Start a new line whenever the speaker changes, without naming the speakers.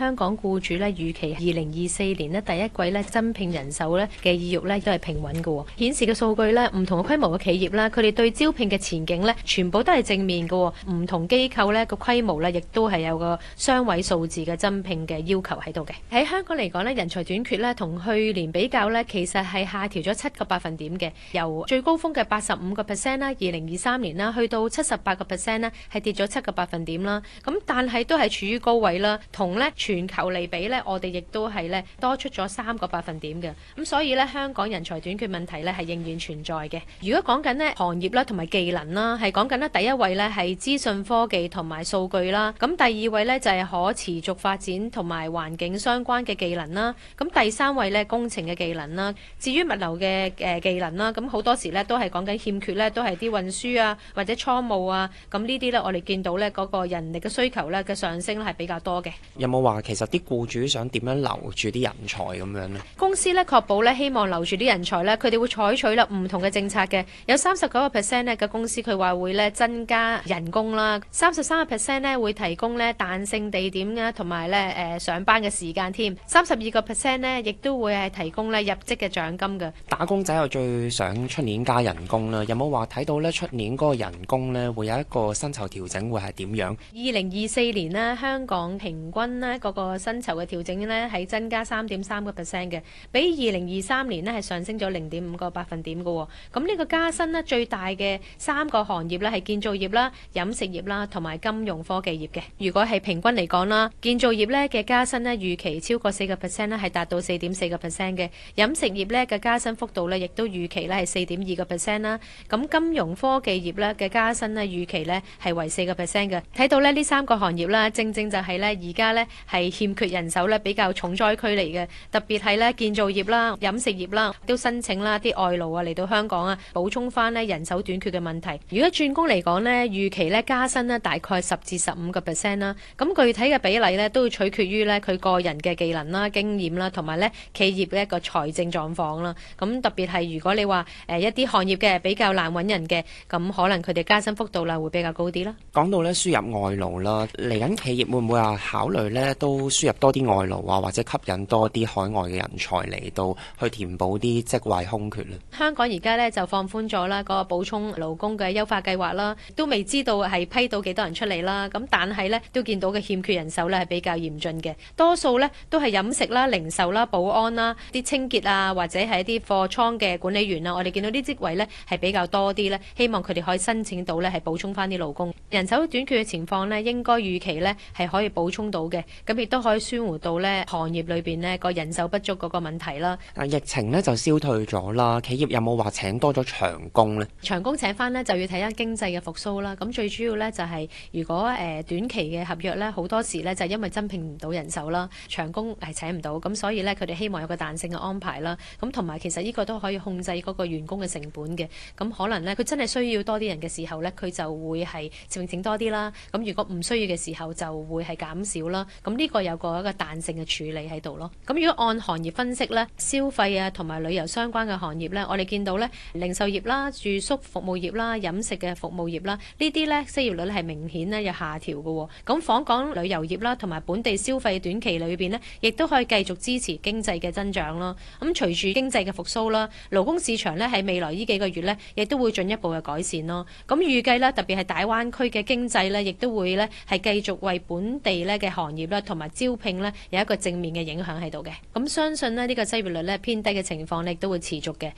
香港僱主咧預期二零二四年呢，第一季咧增聘人手咧嘅意欲咧都係平穩嘅，顯示嘅數據咧唔同嘅規模嘅企業啦，佢哋對招聘嘅前景咧全部都係正面嘅，唔同機構咧個規模咧亦都係有個雙位數字嘅增聘嘅要求喺度嘅。喺香港嚟講咧，人才短缺咧同去年比較咧，其實係下調咗七個百分點嘅，由最高峰嘅八十五個 percent 啦，二零二三年啦，去到七十八個 percent 呢，係跌咗七個百分點啦。咁但係都係處於高位啦，同咧。全球嚟比呢，我哋亦都係呢多出咗三個百分點嘅。咁所以呢，香港人才短缺問題呢，係仍然存在嘅。如果講緊呢行業啦，同埋技能啦，係講緊呢第一位呢，係資訊科技同埋數據啦。咁第二位呢，就係可持續發展同埋環境相關嘅技能啦。咁第三位呢，工程嘅技能啦。至於物流嘅誒技能啦，咁好多時呢，都係講緊欠缺呢，都係啲運輸啊或者倉務啊。咁呢啲呢，我哋見到呢嗰個人力嘅需求呢，嘅上升咧係比較多嘅。
有冇話。其實啲僱主想點樣留住啲人才咁樣呢？
公司咧確保咧，希望留住啲人才咧，佢哋會採取啦唔同嘅政策嘅。有三十九個 percent 咧嘅公司，佢話會咧增加人工啦。三十三個 percent 咧會提供咧彈性地點啦，同埋咧誒上班嘅時間添。三十二個 percent 咧亦都會係提供咧入職嘅獎金嘅。
打工仔又最想出年加人工啦。有冇話睇到咧出年嗰個人工咧會有一個薪酬調整會係點樣？
二零二四年呢，香港平均呢。那個薪酬嘅調整咧，係增加三點三個 percent 嘅，的比二零二三年呢係上升咗零點五個百分點嘅。咁呢個加薪呢，最大嘅三個行業咧係建造業啦、飲食業啦，同埋金融科技業嘅。如果係平均嚟講啦，建造業咧嘅加薪呢預期超過四個 percent 咧，係達到四點四個 percent 嘅。的飲食業咧嘅加薪幅度呢亦都預期咧係四點二個 percent 啦。咁金融科技業咧嘅加薪呢預期咧係為四個 percent 嘅。睇到咧呢三個行業啦，正正就係咧而家咧係，係欠缺人手咧，比較重災區嚟嘅，特別係咧建造業啦、飲食業啦，都申請啦啲外勞啊嚟到香港啊，補充翻咧人手短缺嘅問題。如果轉工嚟講呢，預期咧加薪呢大概十至十五個 percent 啦。咁具體嘅比例呢，都要取決於呢佢個人嘅技能啦、經驗啦，同埋呢企業嘅一個財政狀況啦。咁特別係如果你話誒一啲行業嘅比較難搵人嘅，咁可能佢哋加薪幅度啦會比較高啲啦。
講到咧輸入外勞啦，嚟緊企業會唔會話考慮呢？都？都輸入多啲外勞啊，或者吸引多啲海外嘅人才嚟到去填補啲職位空缺啦。
香港而家咧就放寬咗啦，嗰個補充勞工嘅優化計劃啦，都未知道係批到幾多人出嚟啦。咁但係咧都見到嘅欠缺人手咧係比較嚴峻嘅，多數呢，都係飲食啦、零售啦、保安啦、啲清潔啊，或者係一啲貨倉嘅管理員啊。我哋見到啲職位呢，係比較多啲呢，希望佢哋可以申請到呢，係補充返啲勞工，人手短缺嘅情況呢，應該預期呢，係可以補充到嘅。咁亦都可以紓緩到咧，行業裏面咧個人手不足嗰個問題啦。
疫情咧就消退咗啦，企業有冇話請多咗長工咧？
長工請返咧就要睇下經濟嘅復甦啦。咁最主要咧就係、係、如果、呃、短期嘅合約咧，好多時咧就係、因為增聘唔到人手啦，長工係請唔到，咁所以咧佢哋希望有個彈性嘅安排啦。咁同埋其實呢個都可以控制嗰個員工嘅成本嘅。咁可能咧佢真係需要多啲人嘅時候咧，佢就會係請多啲啦。咁如果唔需要嘅時候就會係減少啦。咁呢個有個一個彈性嘅處理喺度咯。咁如果按行業分析咧，消費啊同埋旅遊相關嘅行業咧，我哋見到咧零售業啦、住宿服務業啦、飲食嘅服務業啦，呢啲呢，失業率咧係明顯咧有下調嘅。咁訪港旅遊業啦同埋本地消費短期裏邊呢，亦都可以繼續支持經濟嘅增長咯。咁隨住經濟嘅復甦啦，勞工市場呢，喺未來呢幾個月呢，亦都會進一步嘅改善咯。咁預計呢，特別係大灣區嘅經濟呢，亦都會呢，係繼續為本地呢嘅行業咧。同埋招聘咧，有一個正面嘅影響喺度嘅。咁相信咧，呢個失業率咧偏低嘅情況咧，亦都會持續嘅。